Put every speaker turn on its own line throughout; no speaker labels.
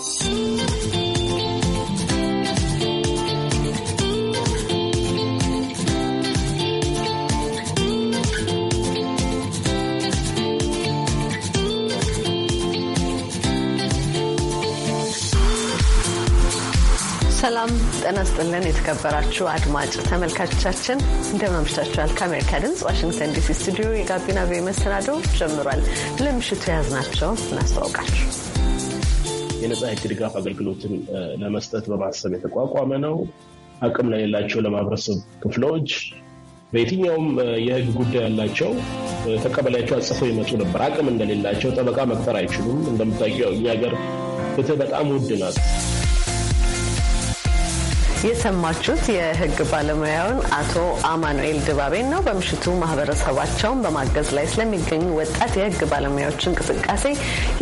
ሰላም ጤና ይስጥልን። የተከበራችሁ አድማጭ ተመልካቾቻችን እንደምን አምሽታችኋል? ከአሜሪካ ድምፅ ዋሽንግተን ዲሲ ስቱዲዮ የጋቢና ቪኦኤ መሰናዶ ጀምሯል። ለምሽቱ የያዝናቸው እናስተዋውቃችሁ
የነጻ ህግ ድጋፍ አገልግሎትን ለመስጠት በማሰብ የተቋቋመ ነው። አቅም ለሌላቸው ለማህበረሰብ ክፍሎች በየትኛውም የህግ ጉዳይ ያላቸው ተቀበላቸው አጽፈው ይመጡ ነበር። አቅም እንደሌላቸው ጠበቃ መቅጠር አይችሉም።
እንደምታውቂው እኛ ሀገር ፍትህ በጣም ውድ ናት። የሰማችሁት የህግ ባለሙያውን አቶ አማኑኤል ድባቤን ነው። በምሽቱ ማህበረሰባቸውን በማገዝ ላይ ስለሚገኙ ወጣት የህግ ባለሙያዎች እንቅስቃሴ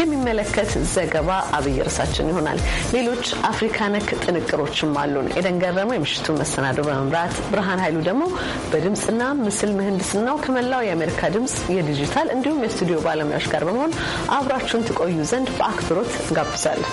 የሚመለከት ዘገባ አብይ ርዕሳችን ይሆናል። ሌሎች አፍሪካ ነክ ጥንቅሮችም አሉን። ኤደን ገረመው የምሽቱ መሰናዶ በመምራት ብርሃን ኃይሉ ደግሞ በድምፅና ምስል ምህንድስናው ከመላው የአሜሪካ ድምፅ የዲጂታል እንዲሁም የስቱዲዮ ባለሙያዎች ጋር በመሆን አብራችሁን ትቆዩ ዘንድ በአክብሮት እንጋብዛለን።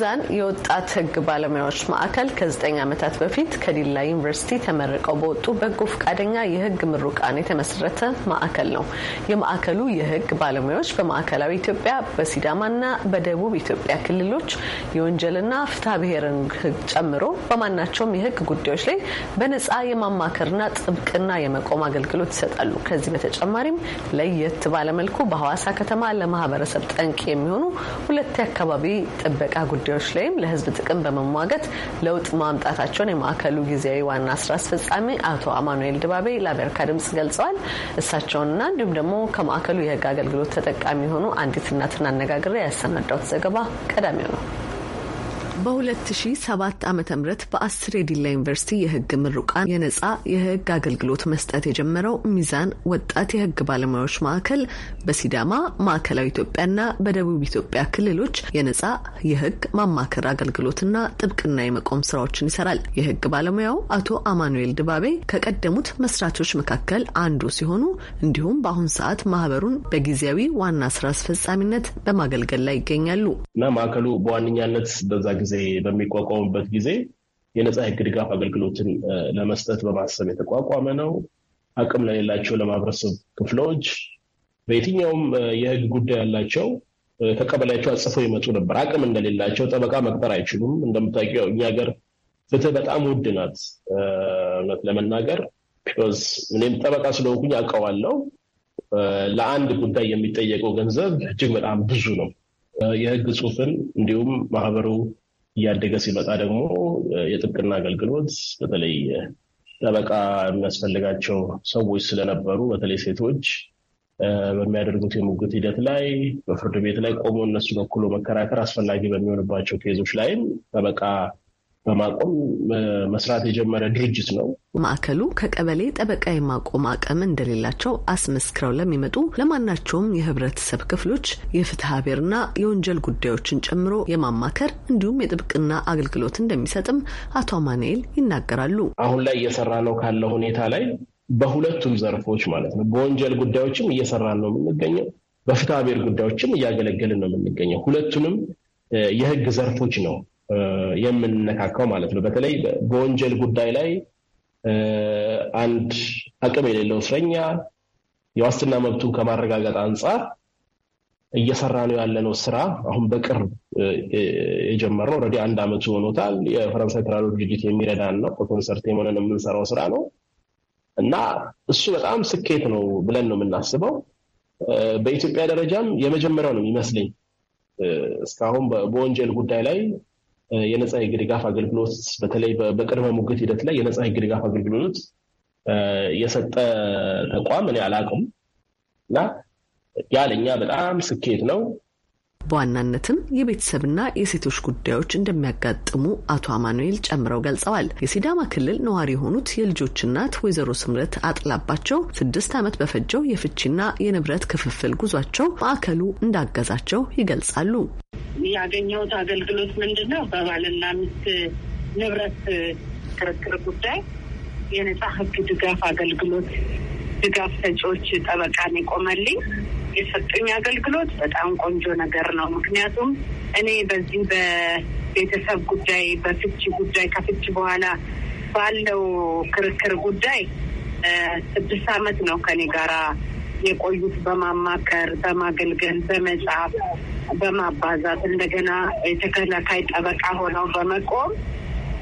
ሚዛን የወጣት ሕግ ባለሙያዎች ማዕከል ከዘጠኝ ዓመታት በፊት ከዲላ ዩኒቨርሲቲ ተመርቀው በወጡ በጎ ፈቃደኛ የሕግ ምሩቃን የተመሰረተ ማዕከል ነው። የማዕከሉ የሕግ ባለሙያዎች በማዕከላዊ ኢትዮጵያ በሲዳማና በደቡብ ኢትዮጵያ ክልሎች የወንጀልና ፍትሐ ብሔርን ሕግ ጨምሮ በማናቸውም የሕግ ጉዳዮች ላይ በነጻ የማማከርና ጥብቅና የመቆም አገልግሎት ይሰጣሉ። ከዚህ በተጨማሪም ለየት ባለመልኩ በሐዋሳ ከተማ ለማህበረሰብ ጠንቅ የሚሆኑ ሁለት የአካባቢ ጥበቃ ጉዳዮች ጉዳዮች ላይም ለህዝብ ጥቅም በመሟገት ለውጥ ማምጣታቸውን የማዕከሉ ጊዜያዊ ዋና ስራ አስፈጻሚ አቶ አማኑኤል ድባቤ ለአሜሪካ ድምጽ ገልጸዋል። እሳቸውንና እንዲሁም ደግሞ ከማዕከሉ የህግ አገልግሎት ተጠቃሚ የሆኑ አንዲት እናትን አነጋግሬ ያሰናዳሁት ዘገባ ቀዳሚው ነው። በ2007 ዓ ም በአስር የዲላ ዩኒቨርሲቲ የህግ ምሩቃን የነጻ የህግ አገልግሎት መስጠት የጀመረው ሚዛን ወጣት የህግ ባለሙያዎች ማዕከል በሲዳማ ማዕከላዊ ኢትዮጵያና በደቡብ ኢትዮጵያ ክልሎች የነጻ የህግ ማማከር አገልግሎትና ጥብቅና የመቆም ስራዎችን ይሰራል። የህግ ባለሙያው አቶ አማኑኤል ድባቤ ከቀደሙት መስራቾች መካከል አንዱ ሲሆኑ እንዲሁም በአሁን ሰዓት ማህበሩን በጊዜያዊ ዋና ስራ አስፈጻሚነት በማገልገል ላይ ይገኛሉ
እና ማዕከሉ በዋነኛነት በዛ ጊዜ በሚቋቋሙበት ጊዜ የነፃ ህግ ድጋፍ አገልግሎትን ለመስጠት በማሰብ የተቋቋመ ነው። አቅም ለሌላቸው ለማህበረሰብ ክፍሎች በየትኛውም የህግ ጉዳይ ያላቸው ተቀበላቸው አጽፈው ይመጡ ነበር። አቅም እንደሌላቸው ጠበቃ መቅጠር አይችሉም። እንደምታውቂው እኛ ሀገር ፍትህ በጣም ውድ ናት። እውነት ለመናገር እኔም ጠበቃ ስለሆንኩኝ አውቀዋለሁ። ለአንድ ጉዳይ የሚጠየቀው ገንዘብ እጅግ በጣም ብዙ ነው። የህግ ጽሁፍን እንዲሁም ማህበሩ እያደገ ሲመጣ ደግሞ የጥብቅና አገልግሎት በተለይ ጠበቃ የሚያስፈልጋቸው ሰዎች ስለነበሩ በተለይ ሴቶች በሚያደርጉት የሙግት ሂደት ላይ በፍርድ ቤት ላይ ቆሞ እነሱ በኩሎ መከራከር አስፈላጊ በሚሆንባቸው ኬዞች ላይም ጠበቃ በማቆም መስራት የጀመረ
ድርጅት ነው። ማዕከሉ ከቀበሌ ጠበቃ የማቆም አቅም እንደሌላቸው አስመስክረው ለሚመጡ ለማናቸውም የህብረተሰብ ክፍሎች የፍትሐ ብሔርና የወንጀል ጉዳዮችን ጨምሮ የማማከር እንዲሁም የጥብቅና አገልግሎት እንደሚሰጥም አቶ አማንኤል ይናገራሉ።
አሁን ላይ እየሰራ ነው ካለው ሁኔታ ላይ በሁለቱም ዘርፎች ማለት ነው። በወንጀል ጉዳዮችም እየሰራን ነው የምንገኘው፣ በፍትሐ ብሔር ጉዳዮችም እያገለገልን ነው የምንገኘው። ሁለቱንም የህግ ዘርፎች ነው የምንነካካው ማለት ነው። በተለይ በወንጀል ጉዳይ ላይ አንድ አቅም የሌለው እስረኛ የዋስትና መብቱን ከማረጋገጥ አንጻር እየሰራ ነው ያለነው ስራ አሁን በቅርብ የጀመርነው ረዲ አንድ አመቱ ሆኖታል። የፈረንሳይ ተራዶ ድርጅት የሚረዳን ነው። በኮንሰርት የሆነን የምንሰራው ስራ ነው እና እሱ በጣም ስኬት ነው ብለን ነው የምናስበው። በኢትዮጵያ ደረጃም የመጀመሪያው ነው የሚመስለኝ እስካሁን በወንጀል ጉዳይ ላይ የነፃ የህግ ድጋፍ አገልግሎት በተለይ በቅድመ ሙግት ሂደት ላይ የነፃ የህግ ድጋፍ አገልግሎት የሰጠ ተቋም እኔ አላውቅም እና ያ ለእኛ በጣም ስኬት ነው።
በዋናነትም የቤተሰብና የሴቶች ጉዳዮች እንደሚያጋጥሙ አቶ አማኑኤል ጨምረው ገልጸዋል። የሲዳማ ክልል ነዋሪ የሆኑት የልጆች እናት ወይዘሮ ስምረት አጥላባቸው ስድስት ዓመት በፈጀው የፍቺና የንብረት ክፍፍል ጉዟቸው ማዕከሉ እንዳገዛቸው ይገልጻሉ።
ያገኘሁት አገልግሎት ምንድን ነው? በባልና ሚስት ንብረት ክርክር ጉዳይ የነጻ ህግ ድጋፍ አገልግሎት ድጋፍ ሰጪዎች ጠበቃን ይቆመልኝ የሰጡኝ አገልግሎት በጣም ቆንጆ ነገር ነው። ምክንያቱም እኔ በዚህ በቤተሰብ ጉዳይ፣ በፍቺ ጉዳይ ከፍቺ በኋላ ባለው ክርክር ጉዳይ ስድስት አመት ነው ከኔ ጋራ የቆዩት በማማከር፣ በማገልገል፣ በመጻፍ፣ በማባዛት እንደገና የተከላካይ ጠበቃ ሆነው በመቆም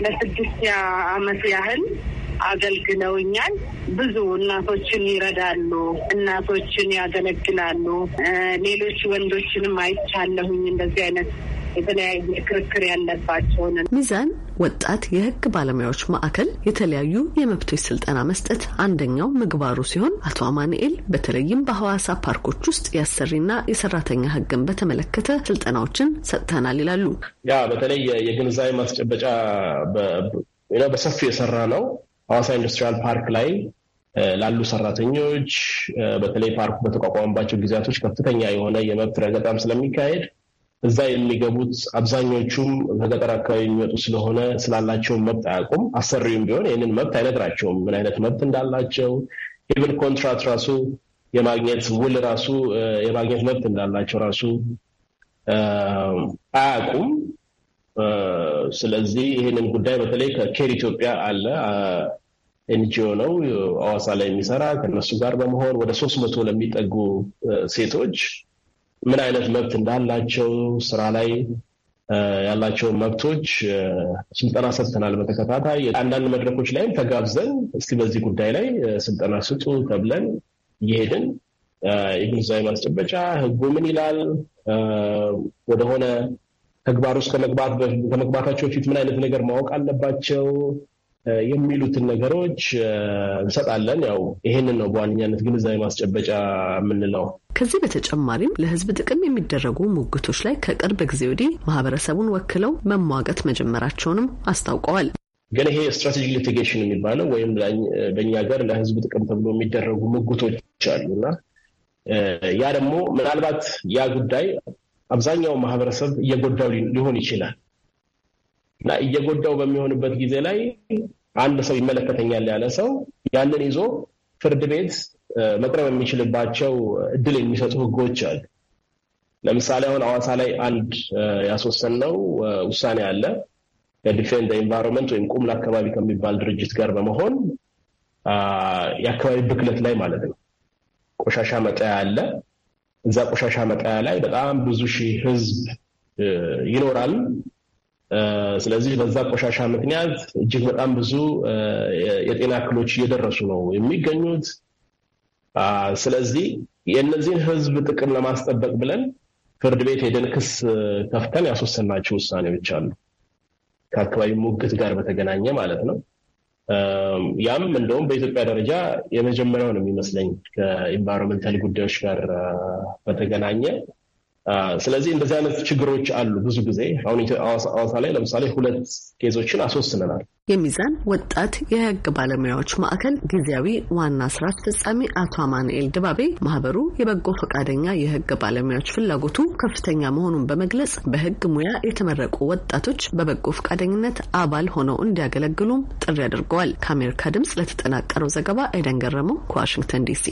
ለስድስት አመት ያህል አገልግለውኛል። ብዙ እናቶችን ይረዳሉ፣ እናቶችን ያገለግላሉ። ሌሎች ወንዶችንም አይቻለሁኝ እንደዚህ አይነት የተለያየ ክርክር ያለባቸውን ሚዛን
ወጣት የሕግ ባለሙያዎች ማዕከል የተለያዩ የመብቶች ስልጠና መስጠት አንደኛው ምግባሩ ሲሆን አቶ አማንኤል በተለይም በሐዋሳ ፓርኮች ውስጥ የአሰሪና የሰራተኛ ሕግን በተመለከተ ስልጠናዎችን ሰጥተናል ይላሉ።
ያ በተለይ የግንዛቤ ማስጨበጫ በሰፊው የሰራ ነው። ሐዋሳ ኢንዱስትሪያል ፓርክ ላይ ላሉ ሰራተኞች በተለይ ፓርኩ በተቋቋመባቸው ጊዜያቶች ከፍተኛ የሆነ የመብት ረገጣም ስለሚካሄድ እዛ የሚገቡት አብዛኞቹም በገጠር አካባቢ የሚመጡ ስለሆነ ስላላቸው መብት አያውቁም። አሰሪውም ቢሆን ይህንን መብት አይነግራቸውም፣ ምን አይነት መብት እንዳላቸው ኢቨን ኮንትራት ራሱ የማግኘት ውል ራሱ የማግኘት መብት እንዳላቸው ራሱ አያውቁም። ስለዚህ ይህንን ጉዳይ በተለይ ከኬር ኢትዮጵያ አለ ኤንጂኦ ነው አዋሳ ላይ የሚሰራ ከነሱ ጋር በመሆን ወደ ሶስት መቶ ለሚጠጉ ሴቶች ምን አይነት መብት እንዳላቸው ስራ ላይ ያላቸውን መብቶች ስልጠና ሰጥተናል። በተከታታይ አንዳንድ መድረኮች ላይም ተጋብዘን እስቲ በዚህ ጉዳይ ላይ ስልጠና ስጡ ተብለን እየሄድን የግንዛቤ ማስጨበጫ ህጉ ምን ይላል ወደሆነ ተግባር ውስጥ ከመግባታቸው በፊት ምን አይነት ነገር ማወቅ አለባቸው የሚሉትን ነገሮች እንሰጣለን። ያው ይህንን ነው በዋነኛነት ግንዛቤ ማስጨበጫ
የምንለው። ከዚህ በተጨማሪም ለሕዝብ ጥቅም የሚደረጉ ሙግቶች ላይ ከቅርብ ጊዜ ወዲህ ማህበረሰቡን ወክለው መሟገት መጀመራቸውንም አስታውቀዋል።
ግን ይሄ ስትራቴጂ ሊቲጌሽን የሚባለው ወይም በእኛ ሀገር ለሕዝብ ጥቅም ተብሎ የሚደረጉ ሙግቶች አሉ እና ያ ደግሞ ምናልባት ያ ጉዳይ አብዛኛው ማህበረሰብ እየጎዳው ሊሆን ይችላል እና እየጎዳው በሚሆንበት ጊዜ ላይ አንድ ሰው ይመለከተኛል ያለ ሰው ያንን ይዞ ፍርድ ቤት መቅረብ የሚችልባቸው እድል የሚሰጡ ህጎች አሉ። ለምሳሌ አሁን አዋሳ ላይ አንድ ነው። ውሳኔ አለ። ከዲፌንድ ኤንቫይሮንመንት ወይም ቁምላ አካባቢ ከሚባል ድርጅት ጋር በመሆን የአካባቢ ብክለት ላይ ማለት ነው ቆሻሻ መጣያ አለ። እዛ ቆሻሻ መጣያ ላይ በጣም ብዙ ሺህ ህዝብ ይኖራል። ስለዚህ በዛ ቆሻሻ ምክንያት እጅግ በጣም ብዙ የጤና እክሎች እየደረሱ ነው የሚገኙት። ስለዚህ የእነዚህን ህዝብ ጥቅም ለማስጠበቅ ብለን ፍርድ ቤት ሄደን ክስ ከፍተን ያስወሰናቸው ውሳኔዎች አሉ፣ ከአካባቢ ሙግት ጋር በተገናኘ ማለት ነው። ያም እንደውም በኢትዮጵያ ደረጃ የመጀመሪያው ነው የሚመስለኝ ከኢንቫይሮንመንታል ጉዳዮች ጋር በተገናኘ ስለዚህ እንደዚህ አይነት ችግሮች አሉ። ብዙ ጊዜ አሁን አዋሳ ላይ ለምሳሌ ሁለት ኬዞችን አስወስነናል።
የሚዛን ወጣት የህግ ባለሙያዎች ማዕከል ጊዜያዊ ዋና ስራ አስፈጻሚ አቶ አማንኤል ድባቤ ማህበሩ የበጎ ፈቃደኛ የህግ ባለሙያዎች ፍላጎቱ ከፍተኛ መሆኑን በመግለጽ በህግ ሙያ የተመረቁ ወጣቶች በበጎ ፈቃደኝነት አባል ሆነው እንዲያገለግሉም ጥሪ አድርገዋል። ከአሜሪካ ድምጽ ለተጠናቀረው ዘገባ ኤደን ገረመው ከዋሽንግተን ዲሲ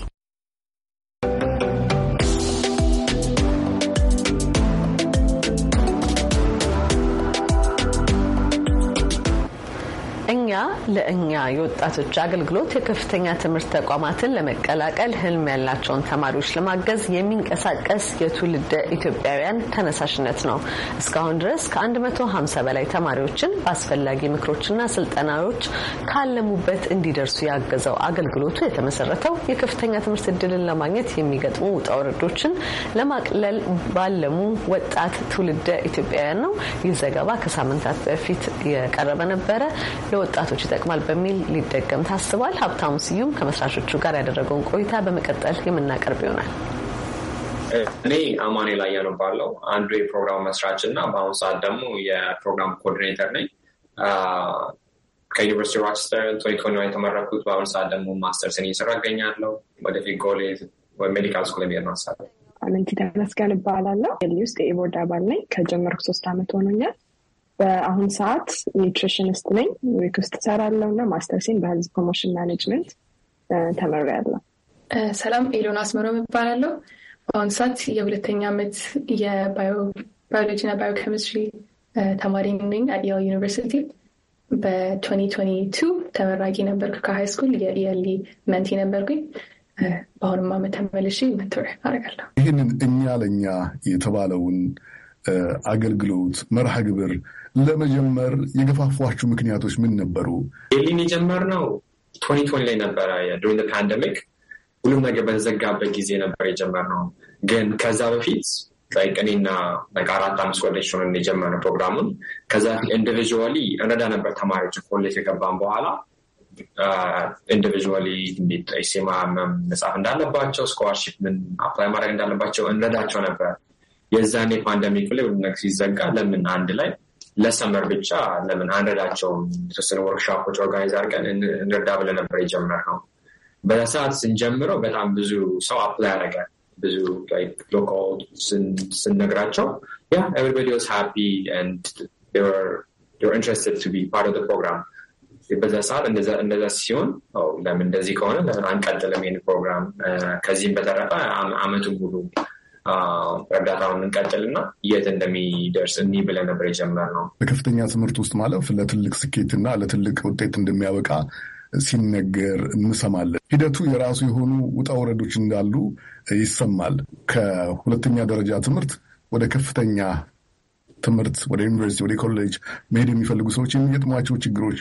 ለእኛ የወጣቶች አገልግሎት የከፍተኛ ትምህርት ተቋማትን ለመቀላቀል ህልም ያላቸውን ተማሪዎች ለማገዝ የሚንቀሳቀስ የትውልደ ኢትዮጵያውያን ተነሳሽነት ነው። እስካሁን ድረስ ከ150 በላይ ተማሪዎችን በአስፈላጊ ምክሮችና ስልጠናዎች ካለሙበት እንዲደርሱ ያገዘው አገልግሎቱ የተመሰረተው የከፍተኛ ትምህርት እድልን ለማግኘት የሚገጥሙ ውጣ ውረዶችን ለማቅለል ባለሙ ወጣት ትውልደ ኢትዮጵያውያን ነው። ይህ ዘገባ ከሳምንታት በፊት የቀረበ ነበረ። ለወጣቶች ይጠቅማል በሚል ሊደገም ታስቧል። ሀብታሙ ስዩም ከመስራቾቹ ጋር ያደረገውን ቆይታ በመቀጠል የምናቀርብ
ይሆናል።
እኔ አማኔ ላይ ያነባለው አንዱ የፕሮግራም መስራች እና በአሁኑ ሰዓት ደግሞ የፕሮግራም ኮኦርዲኔተር ነኝ። ከዩኒቨርሲቲ ሮችስተር ቶኒኮኒ የተመረኩት በአሁኑ ሰዓት ደግሞ ማስተርስን እየሰራ ያገኛለው ወደፊት ጎሌ ሜዲካል ስኩል የሚሄድ ማሳለ
አለንኪ ተመስገን እባላለሁ። ሊ ውስጥ የኢቦርድ አባል ነኝ። ከጀመርኩ ሶስት አመት ሆኖኛል። በአሁን ሰዓት ኒውትሪሽንስት ነኝ። ዊክ ውስጥ እሰራለሁ እና ማስተርሴን በህዝብ ፕሮሞሽን ማኔጅመንት ተመሪያለሁ።
ሰላም ኤሎን አስመሮ እባላለሁ። በአሁን ሰዓት የሁለተኛ ዓመት የባዮሎጂ የባዮሎጂና ባዮኬሚስትሪ ተማሪ ነኝ አዲያ ዩኒቨርሲቲ። በ2022 ተመራቂ ነበርኩ ከሃይ ስኩል የኢያሊ መንቲ ነበርኩኝ። በአሁኑም ዓመት ተመልሼ መትር አደርጋለሁ።
ይህንን እኛ ለእኛ የተባለውን አገልግሎት መርሃ ግብር ለመጀመር የገፋፏችሁ ምክንያቶች ምን ነበሩ? የሊን
የጀመርነው ቶኒቶኒ ላይ ነበረ ዱሪንግ ፓንደሚክ ሁሉም ነገር በተዘጋበት ጊዜ ነበር የጀመርነው። ግን ከዛ በፊት እኔና አራት አምስት ጓደኞች ሆነን የጀመርነው ፕሮግራሙን። ከዛ በፊት ኢንዲቪዥዋሊ እንረዳ ነበር ተማሪዎች ኮሌጅ የገባን በኋላ ኢንዲቪዥዋሊ ሴማ መጽሐፍ እንዳለባቸው ስኮላርሺፕ ምን አፕላይ ማድረግ እንዳለባቸው እንረዳቸው ነበር። የዛኔ ፓንደሚክ ላይ ነገር ሲዘጋ ለምን አንድ ላይ ለሰመር ብቻ ለምን አንረዳቸው የተወሰኑ ወርክሾፖች ኦርጋናይዝ አድርገን እንረዳ ብለን ነበር የጀመርነው። በዛ ሰዓት ስንጀምረው በጣም ብዙ ሰው አፕላይ ያደረገ ብዙ ሎካል ስንነግራቸው ያ ኤቨሪባዲ ዋዝ ሃፒ ኤንድ ኢንትረስትድ ቱ ቢ ፓርት ኦፍ ፕሮግራም በዛ ሰዓት እንደዛ ሲሆን ለምን እንደዚህ ከሆነ ለምን አንቀጥልም ይህን ፕሮግራም ከዚህም በተረፈ አመቱ ሙሉ እርዳታውን እንቀጥልና የት እንደሚደርስ እኒ ብለን ነበር የጀመርነው።
በከፍተኛ ትምህርት ውስጥ ማለፍ ለትልቅ ስኬትና ለትልቅ ውጤት እንደሚያበቃ ሲነገር እንሰማለን። ሂደቱ የራሱ የሆኑ ውጣ ውረዶች እንዳሉ ይሰማል። ከሁለተኛ ደረጃ ትምህርት ወደ ከፍተኛ ትምህርት ወደ ዩኒቨርሲቲ፣ ወደ ኮሌጅ መሄድ የሚፈልጉ ሰዎች የሚገጥሟቸው ችግሮች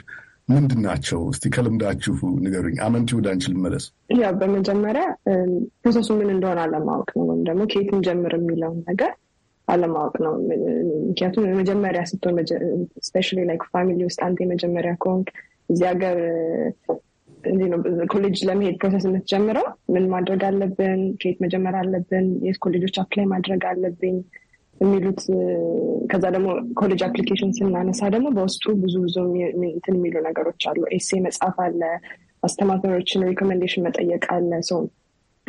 ምንድን ናቸው? እስቲ ከልምዳችሁ ንገሩኝ። አመንቲ፣ ወደ አንቺ ልመለስ።
ያው በመጀመሪያ ፕሮሰሱ ምን እንደሆነ አለማወቅ ነው፣ ወይም ደግሞ ከየትም ጀምር የሚለውን ነገር አለማወቅ ነው። ምክንያቱም የመጀመሪያ ስትሆን ስፔሻሊ ላይክ ፋሚሊ ውስጥ አንተ የመጀመሪያ ከሆንክ እዚህ ሀገር ኮሌጅ ለመሄድ ፕሮሰስ የምትጀምረው ምን ማድረግ አለብን፣ ከየት መጀመር አለብን፣ የት ኮሌጆች አፕላይ ማድረግ አለብኝ የሚሉት ከዛ ደግሞ ኮሌጅ አፕሊኬሽን ስናነሳ ደግሞ በውስጡ ብዙ ብዙ እንትን የሚሉ ነገሮች አሉ። ኤሴ መጻፍ አለ፣ አስተማሪዎችን ሪኮሜንዴሽን መጠየቅ አለ። ሰው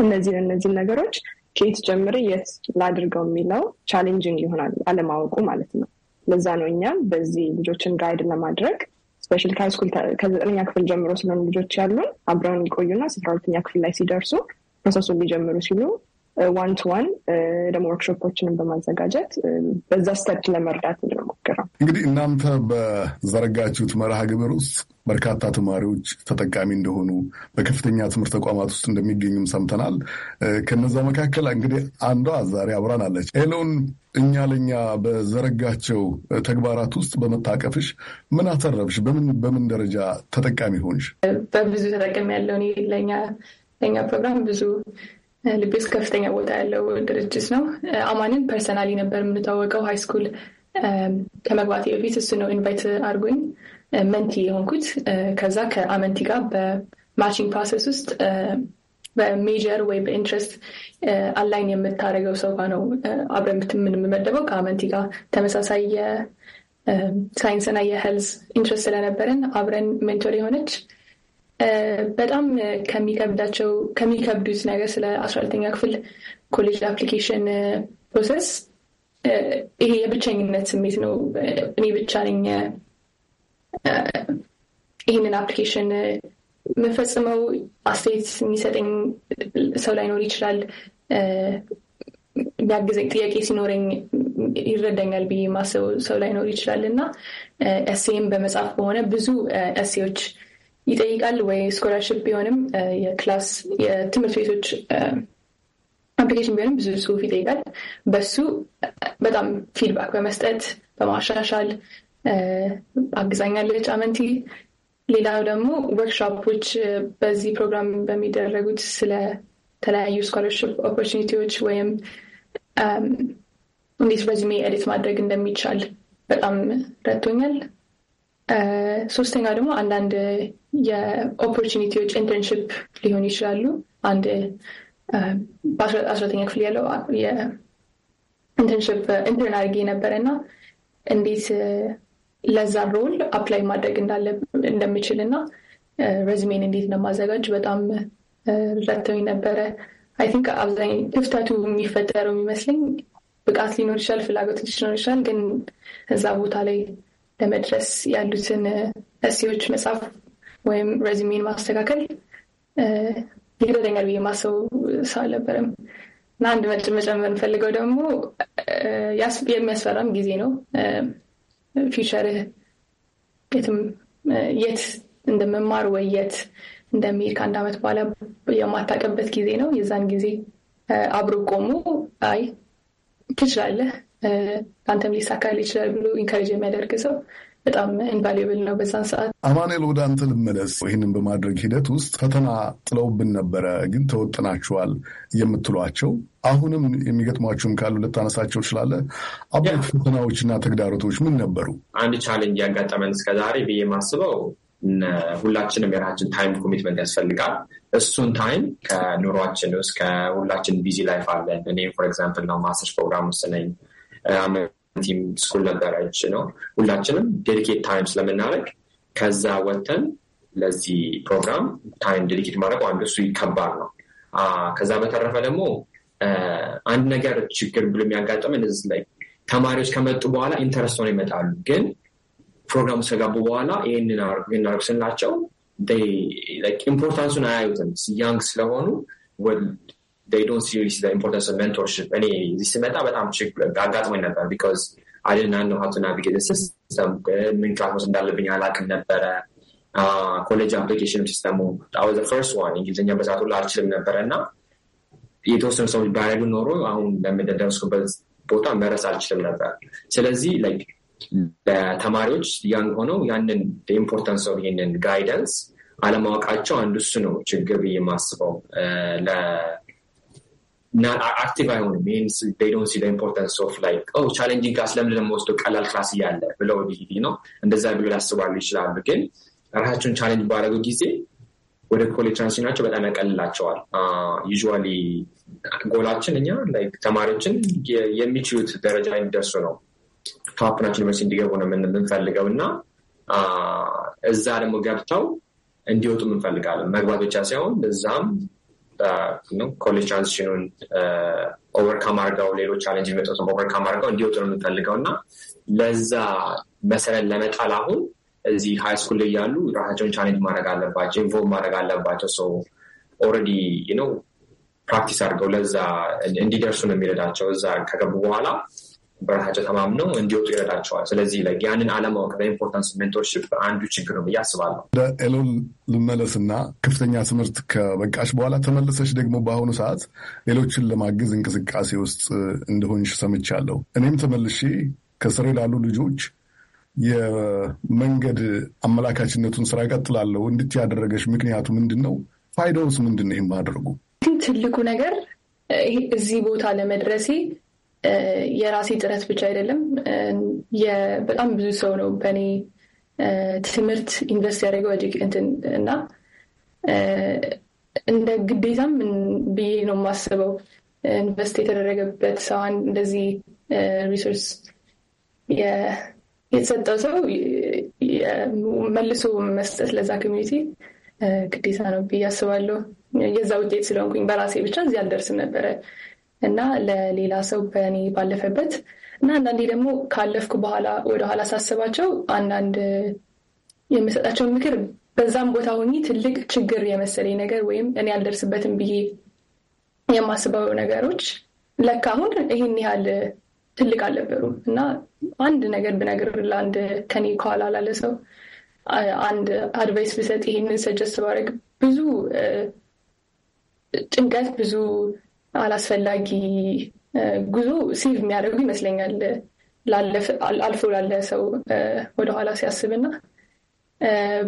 እነዚህን እነዚህን ነገሮች ከየት ጀምር የት ላድርገው የሚለው ቻሌንጅንግ ይሆናል አለማወቁ ማለት ነው። ለዛ ነው እኛም በዚህ ልጆችን ጋይድ ለማድረግ ስፔሻል ከሃይስኩል ከዘጠነኛ ክፍል ጀምሮ ስለሆኑ ልጆች ያሉን አብረውን ሊቆዩና አስራ ሁለተኛ ክፍል ላይ ሲደርሱ ፕሮሰሱን ሊጀምሩ ሲሉ ዋን ቱ ዋን ደግሞ ወርክሾፖችንም በማዘጋጀት um, በዛ ስተድ ለመርዳት
ሞክረው። እንግዲህ እናንተ በዘረጋችሁት መርሃ ግብር ውስጥ በርካታ ተማሪዎች ተጠቃሚ እንደሆኑ በከፍተኛ ትምህርት ተቋማት ውስጥ እንደሚገኙም ሰምተናል። uh, ከነዛ መካከል እንግዲህ አንዷ ዛሬ አብራን አለች። ኤሎን እኛ ለኛ በዘረጋቸው ተግባራት ውስጥ በመታቀፍሽ ምን አተረፍሽ? በምን በምን ደረጃ ተጠቃሚ ሆንሽ?
በብዙ ተጠቃሚ ያለው ለኛ ፕሮግራም ብዙ ልቤ ውስጥ ከፍተኛ ቦታ ያለው ድርጅት ነው። አማንን ፐርሰናሊ ነበር የምታወቀው ሃይስኩል ከመግባቴ በፊት እሱ ነው ኢንቫይት አድርጎኝ መንቲ የሆንኩት። ከዛ ከአመንቲ ጋር በማቺንግ ፕሮሰስ ውስጥ በሜጀር ወይ በኢንትረስት አላይን የምታደርገው ሰው ጋር ነው አብረን የምንመደበው። ከአመንቲ ጋር ተመሳሳይ የሳይንስና የሄልዝ ኢንትረስት ስለነበረን አብረን ሜንቶር የሆነች በጣም ከሚከብዳቸው ከሚከብዱት ነገር ስለ አስራ ሁለተኛ ክፍል ኮሌጅ አፕሊኬሽን ፕሮሰስ ይሄ የብቸኝነት ስሜት ነው። እኔ ብቻ ነኝ ይህንን አፕሊኬሽን የምፈጽመው። አስተያየት የሚሰጠኝ ሰው ላይኖር ይችላል። የሚያግዘኝ ጥያቄ ሲኖረኝ ይረዳኛል ብዬ ማሰብ ሰው ላይኖር ይችላል እና ኤሴም በመጽሐፍ በሆነ ብዙ ኤሴዎች ይጠይቃል ወይ ስኮላርሽፕ ቢሆንም የክላስ የትምህርት ቤቶች አፕሊኬሽን ቢሆንም ብዙ ጽሁፍ ይጠይቃል። በሱ በጣም ፊድባክ በመስጠት በማሻሻል አግዛኛለች አመንቲ። ሌላው ደግሞ ወርክሾፖች በዚህ ፕሮግራም በሚደረጉት ስለ ተለያዩ ስኮላርሽፕ ኦፖርቹኒቲዎች ወይም እንዴት ረዝሜ ኤዲት ማድረግ እንደሚቻል በጣም ረቶኛል። ሶስተኛው ደግሞ አንዳንድ የኦፖርቹኒቲዎች ኢንተርንሽፕ ሊሆን ይችላሉ። አንድ በአስራተኛ ክፍል ያለው ኢንተርንሽፕ ኢንተርን አድርጌ ነበረ እና እንዴት ለዛ ሮል አፕላይ ማድረግ እንደምችል እና ረዝሜን እንዴት እንደማዘጋጅ በጣም ረተው ነበረ። አይ ቲንክ አብዛኛው ክፍተቱ የሚፈጠረው የሚመስለኝ ብቃት ሊኖር ይችላል፣ ፍላጎት ሊኖር ይችላል፣ ግን እዛ ቦታ ላይ ለመድረስ ያሉትን እሴዎች መጽሐፍ ወይም ሬዚሜን ማስተካከል ይጎደኛል ብዬ ማሰቡ ሰው አልነበረም እና አንድ መጭ መጨመር እንፈልገው ደግሞ የሚያስፈራም ጊዜ ነው። ፊውቸርህ የትም የት እንደመማር ወይ የት እንደሚሄድ ከአንድ ዓመት በኋላ የማታውቅበት ጊዜ ነው። የዛን ጊዜ አብሮ ቆሙ አይ ትችላለህ፣ ለአንተም ሊሳካል ይችላል ብሎ ኢንካሬጅ የሚያደርግ ሰው በጣም ኢንቫሉብል ነው በዛን ሰዓት።
አማኔል ወደ አንተ ልመለስ። ይህንን በማድረግ ሂደት ውስጥ ፈተና ጥለውብን ነበረ፣ ግን ተወጥናችኋል የምትሏቸው አሁንም የሚገጥሟቸውም ካሉ ልታነሳቸው አባት ፈተናዎች እና ተግዳሮቶች ምን ነበሩ?
አንድ ቻሌንጅ ያጋጠመን እስከዛሬ ብዬ ማስበው ሁላችንም የራችን ታይም ኮሚትመንት ያስፈልጋል። እሱን ታይም ከኑሯችን ውስጥ ከሁላችን ቢዚ ላይፍ አለን። እኔ ፎር ኤግዛምፕል ነው ማስተርስ ፕሮግራም ውስጥ ነኝ። ቲም ስኩል ነበረች ነው። ሁላችንም ዴዲኬት ታይም ስለምናደርግ ከዛ ወጥተን ለዚህ ፕሮግራም ታይም ዴዲኬት ማድረግ አንዱ እሱ ይከባድ ነው። ከዛ በተረፈ ደግሞ አንድ ነገር ችግር ብሎ የሚያጋጥመን እዚህ ላይ ተማሪዎች ከመጡ በኋላ ኢንተረስት ሆነው ይመጣሉ። ግን ፕሮግራሙ ከገቡ በኋላ ይህንን ስንላቸው ኢምፖርታንሱን አያዩትም ያንግ ስለሆኑ they don't seriously the importance of mentorship እኔ እዚህ ስመጣ በጣም አጋጥሞኝ ነበር ቢካዝ አይ ዲድንት ኖው ናቪጌት ሲስተም ምን ክላስ እንዳለብኝ አላውቅም ነበረ ኮሌጅ አፕሊኬሽን ሲስተሙ አወዘ ፈርስት ዋን እንግሊዝኛ በዛት ሁላ አልችልም ነበረ እና የተወሰኑ ሰዎች ባያሉ ኖሮ አሁን ለምደደረስኩበት ቦታ መረስ አልችልም ነበር ስለዚህ ለተማሪዎች ያንግ ሆነው ያንን ኢምፖርታንስ ኦፍ ይህንን ጋይደንስ አለማወቃቸው አንዱ እሱ ነው ችግር ብዬ የማስበው አክቲቭ አይሆንም። ይህን the ሲ ኢምፖርታንስ ኦፍ ላይክ ቻሌንጂንግ ክላስ ለምን ለመወስደው ቀላል ክላስ እያለ ብለው ነው እንደዛ ብሎ ላስባሉ ይችላሉ። ግን ራሳቸውን ቻሌንጅ ባደረገው ጊዜ ወደ ኮሌጅ ትራንዚሽናቸው በጣም ያቀልላቸዋል። ዩዥዋሊ ጎላችን እኛ ተማሪዎችን የሚችሉት ደረጃ የሚደርሱ ነው ከሀፕናቸው ዩኒቨርሲቲ እንዲገቡ ነው የምንፈልገው እና እዛ ደግሞ ገብተው እንዲወጡ እንፈልጋለን። መግባት ብቻ ሳይሆን እዛም ኮሌጅ ትራንዚሽኑን ኦቨርካም አድርገው ሌሎች ቻለንጅ የሚመጡትን ኦቨርካም አድርገው እንዲወጡ ነው የምንፈልገው እና ለዛ መሰረት ለመጣል አሁን እዚህ ሃይ ስኩል ላይ ያሉ ራሳቸውን ቻለንጅ ማድረግ አለባቸው፣ ኢንቮልቭ ማድረግ አለባቸው። ሰው ኦልሬዲ ነው ፕራክቲስ አድርገው ለዛ እንዲደርሱ ነው የሚረዳቸው። እዛ ከገቡ በኋላ በራሳቸው ተማምነው እንዲወጡ ይረዳቸዋል። ስለዚህ ያንን አለማወቅ በኢምፖርታንስ ሜንቶርሽፕ አንዱ ችግር ነው ብዬ አስባለሁ።
ወደ ኤሎን ልመለስና ከፍተኛ ትምህርት ከበቃሽ በኋላ ተመለሰች ደግሞ በአሁኑ ሰዓት ሌሎችን ለማገዝ እንቅስቃሴ ውስጥ እንደሆንሽ ሰምቻለሁ። እኔም ተመልሼ ከስሬ ላሉ ልጆች የመንገድ አመላካችነቱን ስራ ቀጥላለሁ እንድት ያደረገች ምክንያቱ ምንድን ነው? ፋይዳውስ ምንድን ነው? ይህም ማድረጉ
ትልቁ ነገር እዚህ ቦታ ለመድረሴ የራሴ ጥረት ብቻ አይደለም። በጣም ብዙ ሰው ነው በእኔ ትምህርት ኢንቨስት ያደረገው እንትን እና እንደ ግዴታም ብዬ ነው የማስበው። ኢንቨስት የተደረገበት ሰውን እንደዚህ ሪሶርስ የተሰጠው ሰው መልሶ መስጠት ለዛ ኮሚኒቲ ግዴታ ነው ብዬ አስባለሁ። የዛ ውጤት ስለሆንኩኝ በራሴ ብቻ እዚህ አልደርስም ነበረ። እና ለሌላ ሰው በእኔ ባለፈበት እና አንዳንዴ ደግሞ ካለፍኩ በኋላ ወደኋላ ሳስባቸው አንዳንድ የምሰጣቸውን ምክር በዛም ቦታ ሆኜ ትልቅ ችግር የመሰለኝ ነገር ወይም እኔ አልደርስበትም ብዬ የማስበው ነገሮች ለካ አሁን ይህን ያህል ትልቅ አልነበሩም እና አንድ ነገር ብነግር ለአንድ ከኔ ከኋላ ላለ ሰው አንድ አድቫይስ ብሰጥ፣ ይህንን ሰጀስት ባደርግ ብዙ ጭንቀት ብዙ አላስፈላጊ ጉዞ ሴቭ የሚያደርጉ ይመስለኛል አልፎ ላለ ሰው ወደኋላ ሲያስብና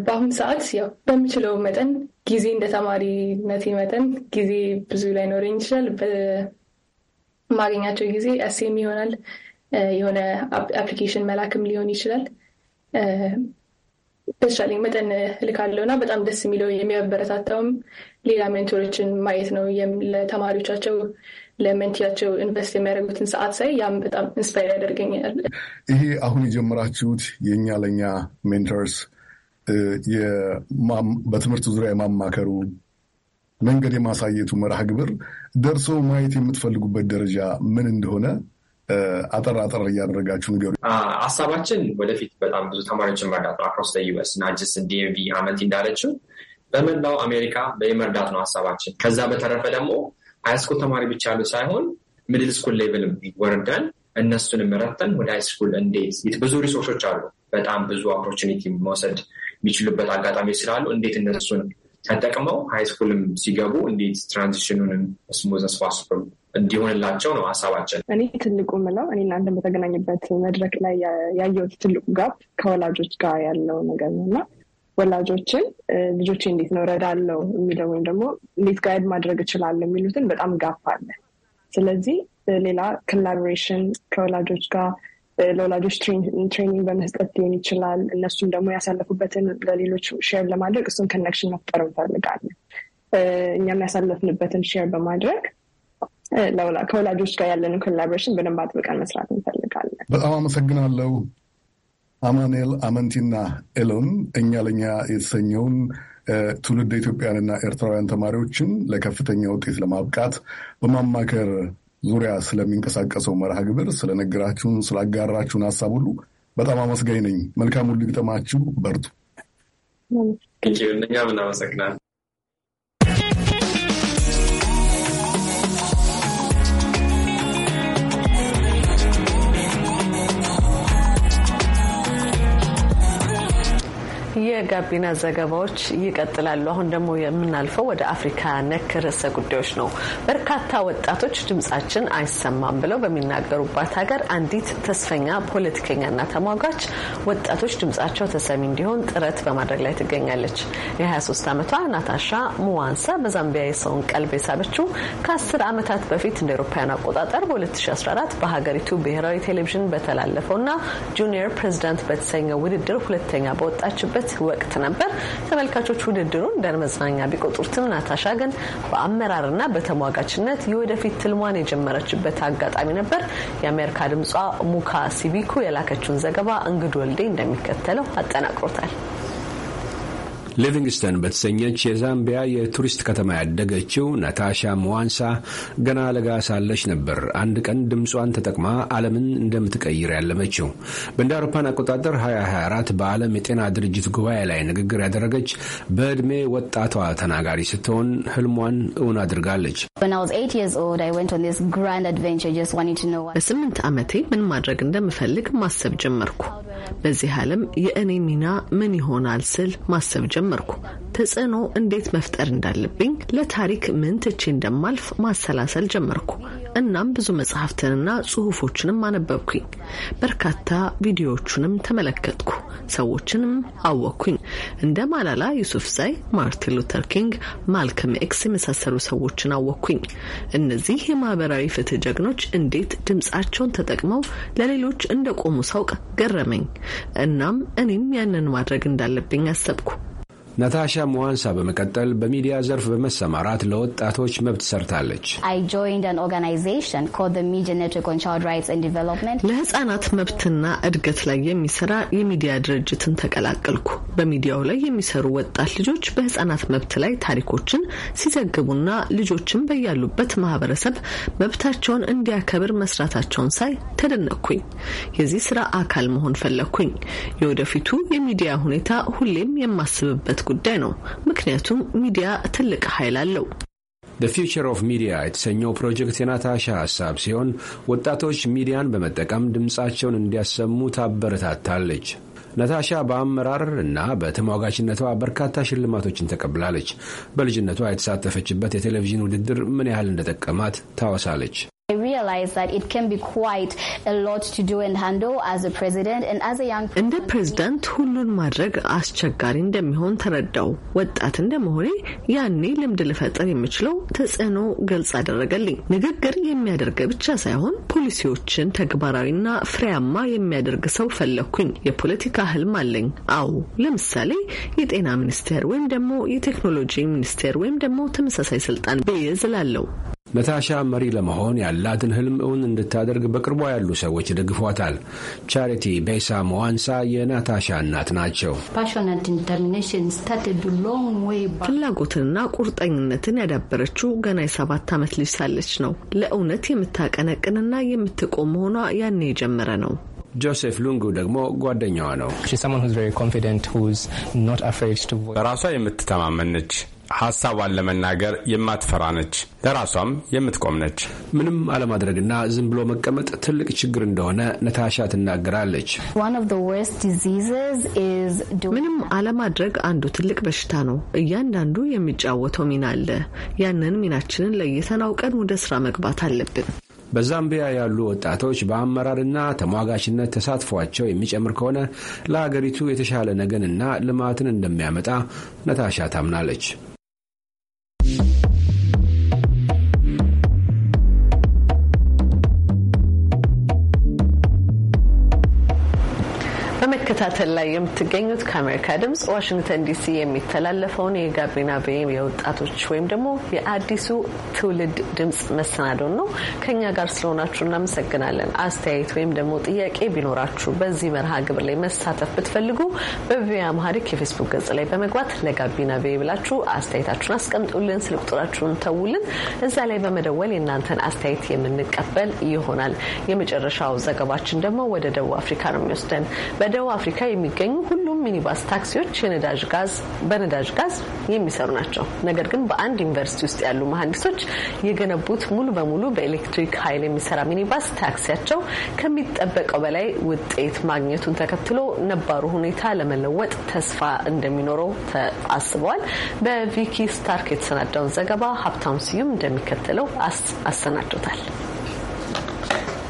በአሁን ሰዓት ያው በምችለው መጠን ጊዜ እንደ ተማሪነቴ መጠን ጊዜ ብዙ ላይኖረኝ ይችላል። በማገኛቸው ጊዜ ኤሴም ይሆናል፣ የሆነ አፕሊኬሽን መላክም ሊሆን ይችላል። በተቻለኝ መጠን እልካለሁ እና በጣም ደስ የሚለው የሚያበረታታውም ሌላ ሜንቶሮችን ማየት ነው ለተማሪዎቻቸው ለመንቲያቸው ኢንቨስት የሚያደርጉትን ሰዓት ሳይ ያም በጣም ኢንስፓየር ያደርገኛል።
ይሄ አሁን የጀመራችሁት የእኛ ለእኛ ሜንተርስ በትምህርት ዙሪያ የማማከሩ መንገድ የማሳየቱ መርሃ ግብር ደርሶ ማየት የምትፈልጉበት ደረጃ ምን እንደሆነ አጠር አጠር እያደረጋችሁ ንገሩ።
ሀሳባችን ወደፊት በጣም ብዙ ተማሪዎችን መርዳት አክሮስ ዩስ ናጅስ ዲኤምቪ አመት እንዳለችው በመላው አሜሪካ በመርዳት ነው ሀሳባችን። ከዛ በተረፈ ደግሞ ሃይስኩል ተማሪ ብቻ ያሉ ሳይሆን ሚድል ስኩል ሌቭልም ወርደን እነሱንም ረተን ወደ ሃይስኩል እንዴት ብዙ ሪሶርሶች አሉ፣ በጣም ብዙ ኦፖርቹኒቲ መውሰድ የሚችሉበት አጋጣሚ ስላሉ እንዴት እነሱን ተጠቅመው ሃይስኩልም ሲገቡ እንዴት ትራንዚሽኑንም ስሙዘስፋስ እንዲሆንላቸው ነው ሀሳባችን።
እኔ ትልቁ ምለው እኔ እናንተን በተገናኝበት መድረክ ላይ ያየሁት ትልቁ ጋፕ ከወላጆች ጋር ያለው ነገር ነው እና ወላጆችን ልጆች እንዴት ነው ረዳለው የሚለው ወይም ደግሞ እንዴት ጋይድ ማድረግ እችላለሁ የሚሉትን በጣም ጋፍ አለ። ስለዚህ ሌላ ኮላቦሬሽን ከወላጆች ጋር ለወላጆች ትሬኒንግ በመስጠት ሊሆን ይችላል። እነሱም ደግሞ ያሳለፉበትን ለሌሎች ሼር ለማድረግ እሱን ከነክሽን መፍጠር እንፈልጋለን። እኛም ያሳለፍንበትን ሼር በማድረግ ከወላጆች ጋር ያለንን ኮላቦሬሽን በደንብ አጥብቀን መስራት እንፈልጋለን።
በጣም አመሰግናለሁ። አማኑኤል አመንቲና ኤሎን እኛ ለኛ የተሰኘውን ትውልድ ኢትዮጵያንና ኤርትራውያን ተማሪዎችን ለከፍተኛ ውጤት ለማብቃት በማማከር ዙሪያ ስለሚንቀሳቀሰው መርሃ ግብር ስለነገራችሁን፣ ስላጋራችሁን ሀሳብ ሁሉ በጣም አመስጋኝ ነኝ። መልካም ሁሉ ይግጠማችሁ፣ በርቱ።
እኛም እናመሰግናለን።
የጋቢና ዘገባዎች ይቀጥላሉ። አሁን ደግሞ የምናልፈው ወደ አፍሪካ ነክ ርዕሰ ጉዳዮች ነው። በርካታ ወጣቶች ድምጻችን አይሰማም ብለው በሚናገሩባት ሀገር አንዲት ተስፈኛ ፖለቲከኛና ተሟጋች ወጣቶች ድምጻቸው ተሰሚ እንዲሆን ጥረት በማድረግ ላይ ትገኛለች። የ23 ዓመቷ ናታሻ ሙዋንሳ በዛምቢያ የሰውን ቀልብ የሳበችው ከ10 ዓመታት በፊት እንደ አውሮፓውያን አቆጣጠር በ2014 በሀገሪቱ ብሔራዊ ቴሌቪዥን በተላለፈውና ጁኒየር ፕሬዚዳንት በተሰኘው ውድድር ሁለተኛ በወጣችበት የውድድርበት ወቅት ነበር። ተመልካቾች ውድድሩን እንደ መዝናኛ ቢቆጥሩትም ናታሻ ግን በአመራርና በተሟጋችነት የወደፊት ትልሟን የጀመረችበት አጋጣሚ ነበር። የአሜሪካ ድምጿ ሙካ ሲቢኩ የላከችውን ዘገባ እንግድ ወልዴ እንደሚከተለው አጠናቅሮታል።
ሊቪንግስተን በተሰኘች የዛምቢያ የቱሪስት ከተማ ያደገችው ናታሻ መዋንሳ ገና ለጋ ሳለች ነበር አንድ ቀን ድምጿን ተጠቅማ ዓለምን እንደምትቀይር ያለመችው። በእንደ አውሮፓን አቆጣጠር 2024 በዓለም የጤና ድርጅት ጉባኤ ላይ ንግግር ያደረገች በዕድሜ ወጣቷ ተናጋሪ ስትሆን ህልሟን እውን አድርጋለች።
በስምንት ዓመቴ ምን ማድረግ እንደምፈልግ ማሰብ ጀመርኩ። በዚህ ዓለም የእኔ ሚና ምን ይሆናል ስል ማሰብ ጀመርኩ። ጀመርኩ። ተጽዕኖ እንዴት መፍጠር እንዳለብኝ፣ ለታሪክ ምን ትቼ እንደማልፍ ማሰላሰል ጀመርኩ። እናም ብዙ መጽሐፍትንና ጽሑፎችንም አነበብኩኝ። በርካታ ቪዲዮዎቹንም ተመለከትኩ። ሰዎችንም አወቅኩኝ። እንደ ማላላ ዩሱፍ ዛይ፣ ማርቲን ሉተር ኪንግ፣ ማልከም ኤክስ የመሳሰሉ ሰዎችን አወቅኩኝ። እነዚህ የማህበራዊ ፍትህ ጀግኖች እንዴት ድምፃቸውን ተጠቅመው ለሌሎች እንደቆሙ ሳውቅ ገረመኝ። እናም እኔም ያንን ማድረግ እንዳለብኝ አሰብኩ። ናታሻ
ሙዋንሳ በመቀጠል በሚዲያ ዘርፍ በመሰማራት ለወጣቶች መብት ሰርታለች።
ለህጻናት መብትና እድገት ላይ የሚሰራ የሚዲያ ድርጅትን ተቀላቀልኩ። በሚዲያው ላይ የሚሰሩ ወጣት ልጆች በህጻናት መብት ላይ ታሪኮችን ሲዘግቡና ልጆችን በያሉበት ማህበረሰብ መብታቸውን እንዲያከብር መስራታቸውን ሳይ ተደነቅኩኝ። የዚህ ስራ አካል መሆን ፈለግኩኝ። የወደፊቱ የሚዲያ ሁኔታ ሁሌም የማስብበት ጉዳይ ነው። ምክንያቱም ሚዲያ ትልቅ ኃይል አለው።
ዘ ፊውቸር ኦፍ ሚዲያ የተሰኘው ፕሮጀክት የናታሻ ሀሳብ ሲሆን ወጣቶች ሚዲያን በመጠቀም ድምፃቸውን እንዲያሰሙ ታበረታታለች። ናታሻ በአመራር እና በተሟጋችነቷ በርካታ ሽልማቶችን ተቀብላለች። በልጅነቷ የተሳተፈችበት የቴሌቪዥን ውድድር ምን ያህል እንደጠቀማት
ታወሳለች።
I realized that it can be quite a lot to do and handle as a president
and as a young እንደ ፕሬዝዳንት ሁሉን ማድረግ አስቸጋሪ እንደሚሆን ተረዳው። ወጣት እንደመሆኔ ያኔ ልምድ ልፈጥር የምችለው ተጽዕኖ ገልጽ አደረገልኝ። ንግግር የሚያደርግ ብቻ ሳይሆን ፖሊሲዎችን ተግባራዊና ፍሬያማ የሚያደርግ ሰው ፈለግኩኝ። የፖለቲካ ህልም አለኝ። አዎ፣ ለምሳሌ የጤና ሚኒስቴር ወይም ደግሞ የቴክኖሎጂ ሚኒስቴር ወይም ደግሞ ተመሳሳይ ስልጣን ብይዝ እላለሁ። ነታሻ መሪ
ለመሆን ያላትን ህልም እውን እንድታደርግ በቅርቧ ያሉ ሰዎች ደግፏታል። ቻሪቲ ቤሳ
መዋንሳ የናታሻ እናት ናቸው። ፍላጎትንና ቁርጠኝነትን ያዳበረችው ገና የሰባት ዓመት ልጅ ሳለች ነው። ለእውነት የምታቀነቅንና የምትቆም መሆኗ ያኔ የጀመረ ነው።
ጆሴፍ ሉንጉ ደግሞ ጓደኛዋ ነው። በራሷ የምትተማመን ነች። ሀሳቧን ለመናገር የማትፈራ ነች። ለራሷም የምትቆም ነች። ምንም አለማድረግና ዝም ብሎ መቀመጥ ትልቅ ችግር እንደሆነ ነታሻ ትናገራለች።
ምንም አለማድረግ አንዱ ትልቅ በሽታ ነው። እያንዳንዱ የሚጫወተው ሚና አለ። ያንን ሚናችንን ለይተን አውቀን ወደ ስራ መግባት አለብን። በዛምቢያ ያሉ ወጣቶች በአመራርና ተሟጋችነት ተሳትፏቸው
የሚጨምር ከሆነ ለሀገሪቱ የተሻለ ነገንና ልማትን እንደሚያመጣ ነታሻ ታምናለች።
በመከታተል ላይ የምትገኙት ከአሜሪካ ድምጽ ዋሽንግተን ዲሲ የሚተላለፈውን የጋቢና ቤ የወጣቶች ወይም ደግሞ የአዲሱ ትውልድ ድምጽ መሰናዶን ነው። ከኛ ጋር ስለሆናችሁ እናመሰግናለን። አስተያየት ወይም ደግሞ ጥያቄ ቢኖራችሁ በዚህ መርሃ ግብር ላይ መሳተፍ ብትፈልጉ በቪኦኤ አማርኛ የፌስቡክ ገጽ ላይ በመግባት ለጋቢና ቤ ብላችሁ አስተያየታችሁን አስቀምጡልን። ስልክ ቁጥራችሁን ተውልን። እዛ ላይ በመደወል የእናንተን አስተያየት የምንቀበል ይሆናል። የመጨረሻው ዘገባችን ደግሞ ወደ ደቡብ አፍሪካ ነው የሚወስደን በደቡብ አፍሪካ የሚገኙ ሁሉም ሚኒባስ ታክሲዎች የነዳጅ ጋዝ በነዳጅ ጋዝ የሚሰሩ ናቸው። ነገር ግን በአንድ ዩኒቨርሲቲ ውስጥ ያሉ መሀንዲሶች የገነቡት ሙሉ በሙሉ በኤሌክትሪክ ኃይል የሚሰራ ሚኒባስ ታክሲያቸው ከሚጠበቀው በላይ ውጤት ማግኘቱን ተከትሎ ነባሩ ሁኔታ ለመለወጥ ተስፋ እንደሚኖረው አስበዋል። በቪኪ ስታርክ የተሰናዳውን ዘገባ ሀብታም ስዩም እንደሚከተለው አሰናዶታል።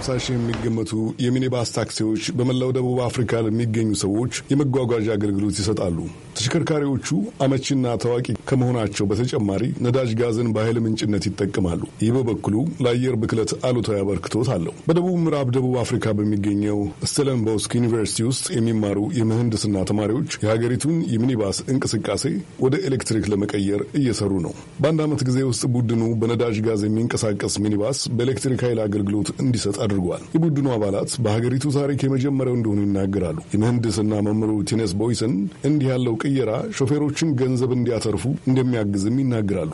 በ ሺህ የሚገመቱ የሚኒባስ ታክሲዎች በመላው ደቡብ አፍሪካ ለሚገኙ ሰዎች የመጓጓዣ አገልግሎት ይሰጣሉ። ተሽከርካሪዎቹ አመቺና ታዋቂ ከመሆናቸው በተጨማሪ ነዳጅ ጋዝን በኃይል ምንጭነት ይጠቅማሉ። ይህ በበኩሉ ለአየር ብክለት አሉታዊ አበርክቶት አለው። በደቡብ ምዕራብ ደቡብ አፍሪካ በሚገኘው ስተለንቦስክ ዩኒቨርሲቲ ውስጥ የሚማሩ የምህንድስና ተማሪዎች የሀገሪቱን የሚኒባስ እንቅስቃሴ ወደ ኤሌክትሪክ ለመቀየር እየሰሩ ነው። በአንድ ዓመት ጊዜ ውስጥ ቡድኑ በነዳጅ ጋዝ የሚንቀሳቀስ ሚኒባስ በኤሌክትሪክ ኃይል አገልግሎት እንዲሰጥ አድርጓል። አድርጓል። የቡድኑ አባላት በሀገሪቱ ታሪክ የመጀመሪያው እንደሆኑ ይናገራሉ። የምህንድስና መምህሩ ቲነስ ቦይሰን እንዲህ ያለው ቅየራ ሾፌሮችን ገንዘብ እንዲያተርፉ እንደሚያግዝም ይናገራሉ።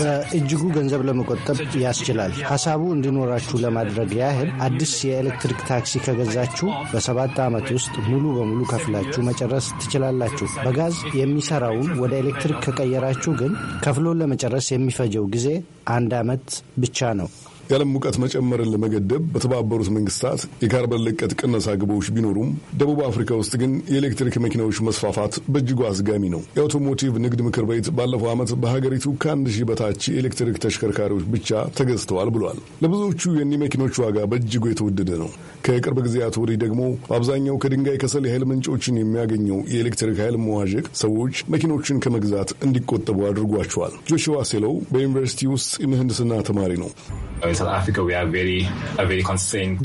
በእጅጉ ገንዘብ ለመቆጠብ ያስችላል።
ሀሳቡ እንዲኖራችሁ ለማድረግ ያህል አዲስ የኤሌክትሪክ ታክሲ ከገዛችሁ በሰባት ዓመት ውስጥ ሙሉ በሙሉ ከፍላችሁ መጨረስ ትችላላችሁ። በጋዝ የሚሰራውን ወደ ኤሌክትሪክ
ከቀየራችሁ ግን
ከፍሎ ለመጨረስ የሚፈጀው ጊዜ አንድ ዓመት ብቻ ነው።
የዓለም ሙቀት መጨመርን ለመገደብ በተባበሩት መንግስታት የካርበን ልቀት ቅነሳ ግቦች ቢኖሩም ደቡብ አፍሪካ ውስጥ ግን የኤሌክትሪክ መኪናዎች መስፋፋት በእጅጉ አስጋሚ ነው። የአውቶሞቲቭ ንግድ ምክር ቤት ባለፈው ዓመት በሀገሪቱ ከአንድ ሺህ በታች የኤሌክትሪክ ተሽከርካሪዎች ብቻ ተገዝተዋል ብሏል። ለብዙዎቹ የኒህ መኪኖች ዋጋ በእጅጉ የተወደደ ነው። ከቅርብ ጊዜያት ወዲህ ደግሞ በአብዛኛው ከድንጋይ ከሰል የኃይል ምንጮችን የሚያገኘው የኤሌክትሪክ ኃይል መዋዠቅ ሰዎች መኪኖችን ከመግዛት እንዲቆጠቡ አድርጓቸዋል። ጆሽዋ ሴለው በዩኒቨርሲቲ ውስጥ የምህንድስና ተማሪ ነው።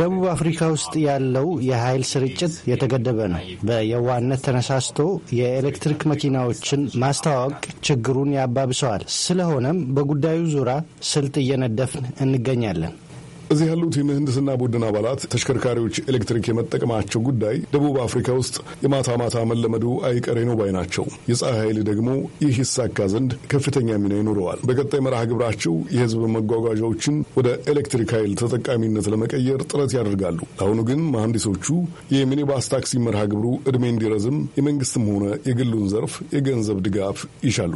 ደቡብ አፍሪካ ውስጥ ያለው የኃይል ስርጭት
የተገደበ ነው። በየዋነት ተነሳስቶ የኤሌክትሪክ መኪናዎችን ማስተዋወቅ ችግሩን ያባብሰዋል። ስለሆነም በጉዳዩ ዙሪያ ስልት እየነደፍን
እንገኛለን። እዚህ ያሉት የምህንድስና ቡድን አባላት ተሽከርካሪዎች ኤሌክትሪክ የመጠቀማቸው ጉዳይ ደቡብ አፍሪካ ውስጥ የማታ ማታ መለመዱ አይቀሬ ነው ባይ ናቸው። የፀሐይ ኃይል ደግሞ ይህ ይሳካ ዘንድ ከፍተኛ ሚና ይኖረዋል። በቀጣይ መርሃ ግብራቸው የህዝብ መጓጓዣዎችን ወደ ኤሌክትሪክ ኃይል ተጠቃሚነት ለመቀየር ጥረት ያደርጋሉ። ለአሁኑ ግን መሐንዲሶቹ የሚኒባስ ታክሲ መርሃ ግብሩ ዕድሜ እንዲረዝም የመንግስትም ሆነ የግሉን ዘርፍ የገንዘብ ድጋፍ ይሻሉ።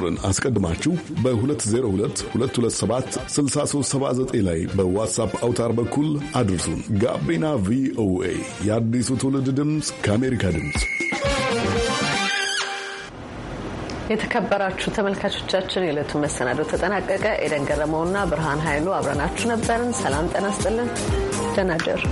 ቁጥርን አስቀድማችሁ በ2022276379 ላይ በዋትሳፕ አውታር በኩል አድርሱን። ጋቢና ቪኦኤ የአዲሱ ትውልድ ድምፅ ከአሜሪካ ድምፅ።
የተከበራችሁ ተመልካቾቻችን የዕለቱ መሰናዶ ተጠናቀቀ። ኤደን ገረመውና ብርሃን ኃይሉ አብረናችሁ ነበርን። ሰላም ጤና ይስጥልን። ደህና እደሩ።